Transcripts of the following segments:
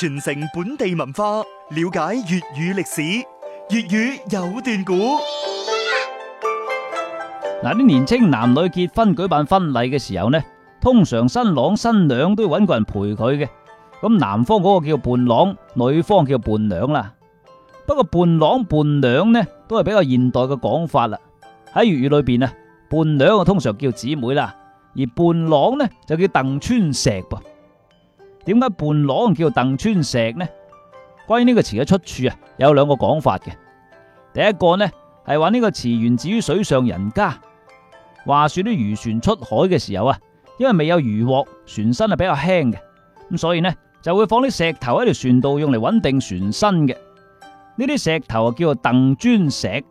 傳承本地文化，了解粵語歷史，粵語有段古。嗱，啲年青男女結婚舉辦婚禮嘅時候呢，通常新郎新娘都要揾個人陪佢嘅。咁男方嗰個叫伴郎，女方叫伴娘啦。不過伴郎伴娘呢都係比較現代嘅講法啦。喺粵語裏邊啊，伴娘啊通常叫姊妹啦，而伴郎呢就叫戥穿石噃。點解伴郎叫戥穿石呢？關於呢個詞嘅出處啊，有兩個講法嘅。第一個呢係話呢個詞源自於水上人家。話說啲漁船出海嘅時候啊，因為未有漁獲，船身係比較輕嘅，咁所以呢就會放啲石頭喺條船度用嚟穩定船身嘅。呢啲石頭啊叫做艠磚石。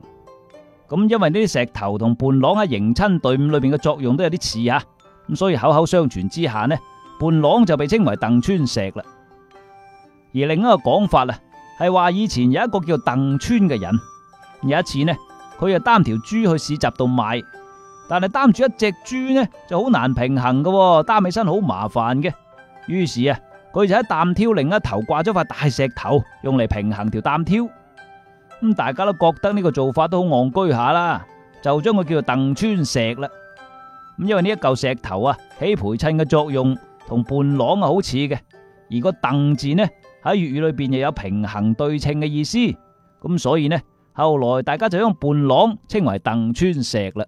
咁因為呢啲石頭同伴郎喺迎親隊伍裏邊嘅作用都有啲似吓，咁所以口口相傳之下呢。伴郎就被稱為戥穿石啦。而另一個講法啊，係話以前有一個叫鄧穿嘅人，有一次呢，佢啊擔條豬去市集度賣，但係擔住一隻豬呢就好難平衡嘅，擔起身好麻煩嘅。於是啊，佢就喺擔挑另一頭掛咗塊大石頭，用嚟平衡條擔挑。咁大家都覺得呢個做法都好戇居下啦，就將佢叫做鄧穿石啦。咁因為呢一嚿石頭啊，起陪襯嘅作用。同伴郎啊好似嘅，而個戥字呢喺粵語裏邊又有平衡對稱嘅意思，咁所以呢，後來大家就將伴郎稱為戥穿石啦。